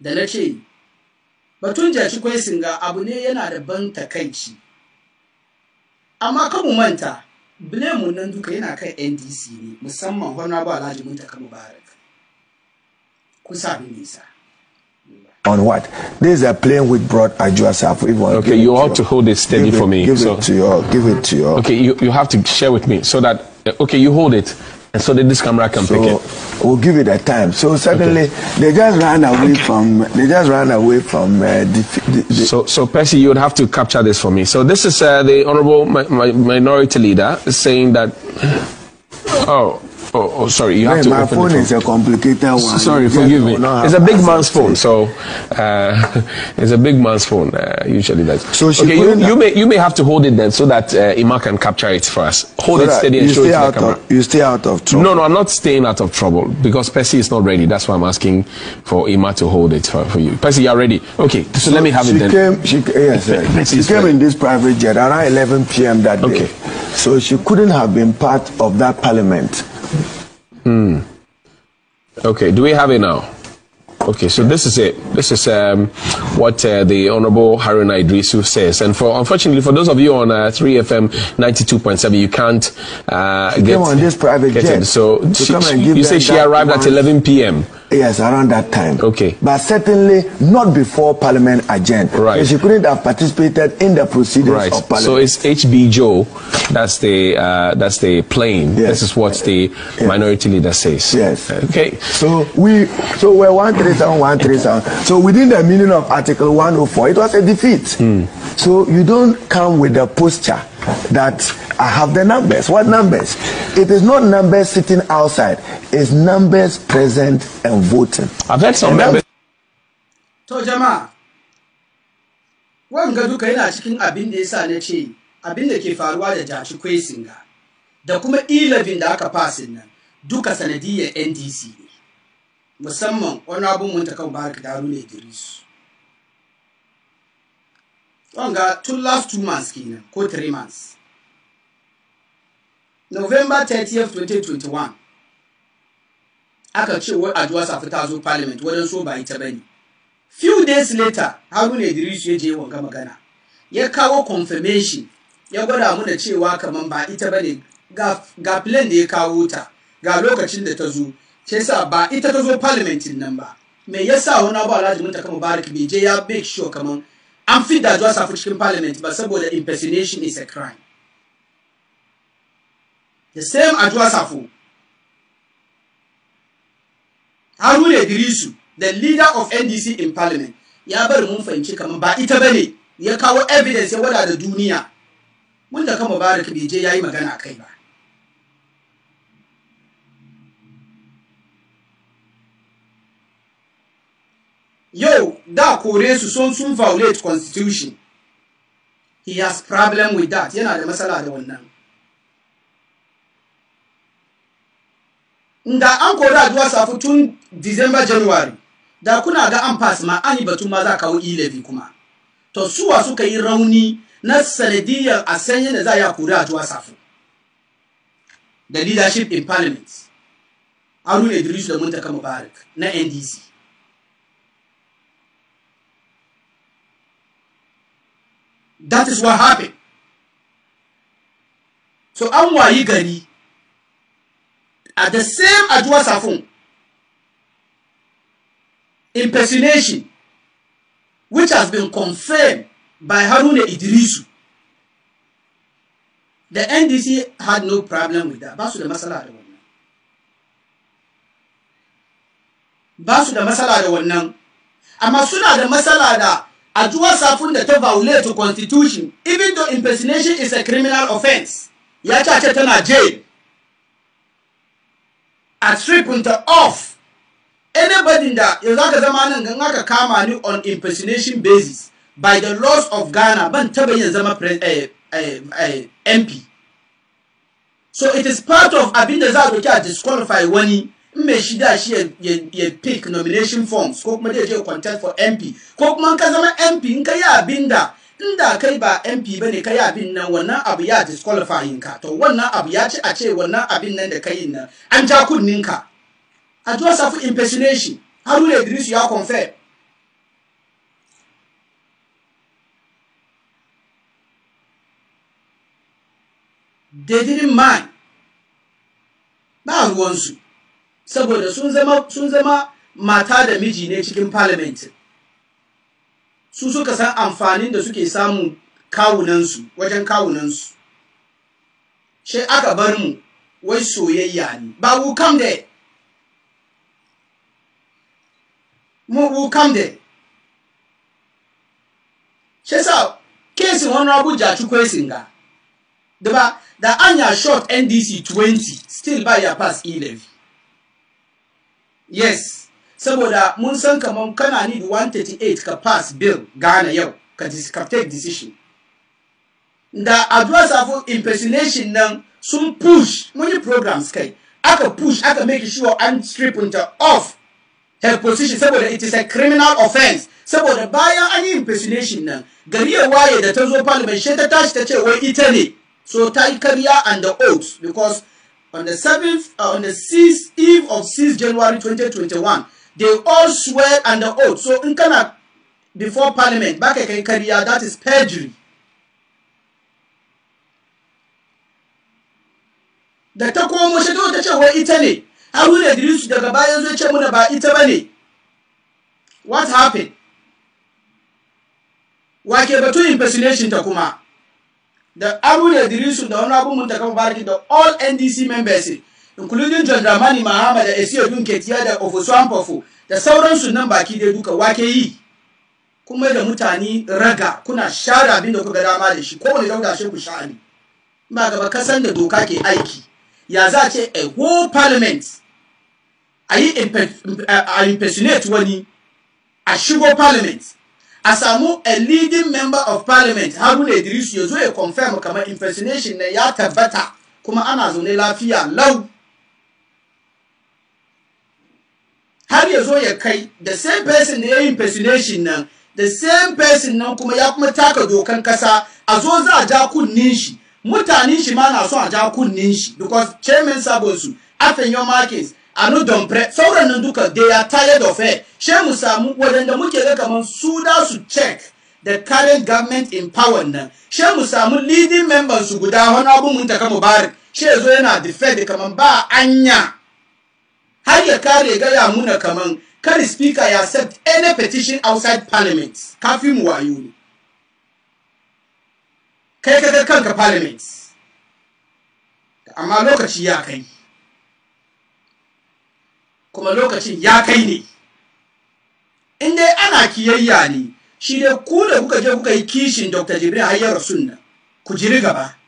da na ce batun jashi kwai singa abu ne yana da ban takaici amma kan mu manta blame nan duka yana kan ndc ne musamman honorable alhaji muntaka mubarak kusa bi nisa on what? These are playing with broad Ajua Everyone Okay, you have to hold it steady it, for me. Give so. it to your, give it to your. Okay, you, you have to share with me so that, okay, you hold it. And so that this camera can so pick it. We'll give it a time. So suddenly okay. they just ran away from they just ran away from uh, the, the, the So so Percy, you would have to capture this for me. So this is uh, the honourable mi- mi- minority leader saying that. Oh, Oh, oh, sorry, you yeah, to. My phone, phone, is a complicated one. Sorry, forgive me. It's a big man's phone, so uh, it's a big man's phone. Uh, usually that. So okay, you, you, may you may have to hold it then, so that uh, Ima can capture it for us. Hold so it steady and show it to the camera. Of, you stay out of trouble. No, no, I'm not staying out of trouble because Percy is not ready. That's why I'm asking for Ima to hold it for, for you. Percy, you are ready. Okay, so, so let me have it then. Came, she yes, Percy she came ready. in this private jet around 11 p.m. that okay. day, so she couldn't have been part of that parliament. Hmm. Okay, do we have it now? Okay, so this is it. This is um, what uh, the Honorable Harun Idrisu says. And for unfortunately, for those of you on uh, 3FM 92.7, you can't uh, get, on this private jet. It. So she, you say she arrived at 11 p.m yes, around that time. Okay. But certainly not before Parliament adjourned. Right. She couldn't have participated in the proceedings right. of Parliament. So it's HB Joe, that's the uh, that's the plane. Yes. This is what the yes. minority leader says. Yes. Okay. So we so we're one three seven one three seven. So within the meaning of Article 104, it was a defeat. Mm. So you don't come with the posture. that I have the numbers. What numbers? It is not numbers sitting outside, it's numbers present and voting. I've had some members. To jama'a, wanga duka yana cikin abin da ya na ce abin da ke faruwa da jashi kwesinga da kuma ilabin da aka fasin nan duka sanadiyar NDC musamman wani abin mun ta Daru ne wanga to last two months kenan ko three months november 30th 2021 aka ce wai aduwa safi ta zo parliament wajen so ba ita ne? few days later haruna idris ya je wanga magana ya kawo confirmation ya gwada muna cewa kaman ba ita bane ga, ga plan da ya kawo ta ga lokacin da ta zo sai sa ba ita ta zo parliamentin nan ba me yasa wani abu alhaji mun ta kama barik bai je ya make sure kaman. an fi da Joe safi cikin parliament ba saboda impersonation is a crime the same Ajoa Safo Haruna Idrisu the leader of NDC in parliament ya bar mun fahimci kamar ba ita bane ya kawo evidence ya wada da duniya mun da kan Mubarak bai je yayi magana kai ba yau da kore su sun sun violate constitution he has problem with that yana da matsala da wannan da an kori aduwa safu tun december january da kuna ga an pass ma an yi batu ma za kawo e kuma to suwa suka yi rauni na sanadiyar a sanya da za a kori aduwa safu da leadership in parliament Arun idris da muntaka mubarak na ndc That is what happened. So an wayi gari at the same Aduwa Safon impersonation which has been confirmed by Haruna Idrisu. The NDC had no problem with that. basu su da matsala da wannan. Ba su da matsala da wannan. Amma suna da matsala da a safun da ta violate constitution even though impersonation is a criminal offense ya ce tana jail a stripunta off anybody da yanzu aka zama nan gan aka kama ni on impersonation basis by the laws of Ghana ban taba yin zama eh, eh, eh, MP so it is part of abin da za a doki a disqualify wani in mai shi da shi ya pick nomination forms ko kuma zai je contest for mp ko kuma ka zama mp in ka yi abin da inda kai ba mp ba ne ka yi abin nan wannan abu ya disqualifying ka to wannan abu ya ci a ce wannan abin nan da ka yi nan an ja kunnin ka a tuwa safu impersonation haruna idris ya confirm they didn't mind ba su. saboda sun zama sun zama mata da miji ne cikin parliament su suka san amfanin da suke samun kawunansu wajen kawunansu shi aka bar mu wai soyayya ne ba we come mu shi sa kesin wani abuja kwesin ga da ba da anya short ndc 20 still ba ya pass 11. E yes saboda mun san kamar kana need 138 ka pass bill gana yau ka take decision da addu'a safo impersonation nan sun push mun yi programs kai aka push aka make sure an strip ta off her position saboda it is a criminal offense saboda bayan an yi impersonation nan gari ya waye da ta zo parliament she ta tashi ta ce wai ita ne so ta yi karya and the oath because on the 7 uh, on the 6 eve of 6 January 2021, they all swear under oath. So in kana before Parliament, back again, Korea, that is perjury. Da ta komo shi ta ce wai ita ne, da Idris daga bayan zai ce muna ba ita ba ne. What happened? Wake batun impersonation ta kuma. da Aruna Dirisu, the Honorable Muntaka barki da all NDC members, including John Dramani Mahama da Esi Odun Ketiya da Ofoswampofu, da sauransu nan baki dai duka wake yi. Kuma da mutane raga kuna share abin da kuka dama da shi kowane dauda shi ku sha'ani. Ba gaba kasan da doka ke aiki. Ya za ce a whole parliament a yi impersonate wani a shigo parliament a samu a leading member of parliament haruna idris ya zo ya confirm kamar impersonation ne ya tabbata kuma ana zaune lafiya lau har ya zo ya kai the same person da ya yi impersonation nan the same person nan kuma ya kuma taka dokan kasa a zo za a ja kunnin shi mutanen shi ma na so a ja kunnin shi because chairman sabosu afin your markets a nudon pre sauran nan duka they are tired of her she mu samu wadanda muke ga kaman su da su check the current government in power nan she mu samu leading members su guda wani abu mun ta kama bari she zo yana defend kaman ba anya har ya kare ga ya muna kaman kar speaker ya accept any petition outside parliament kafin mu wayo kai ka kanka parliament amma lokaci ya kai kuma lokacin ya kai ne in dai ana kiyayya ne shi dai ku da kuka je kuka yi kishin dr jibril har ya rasu ku jiri gaba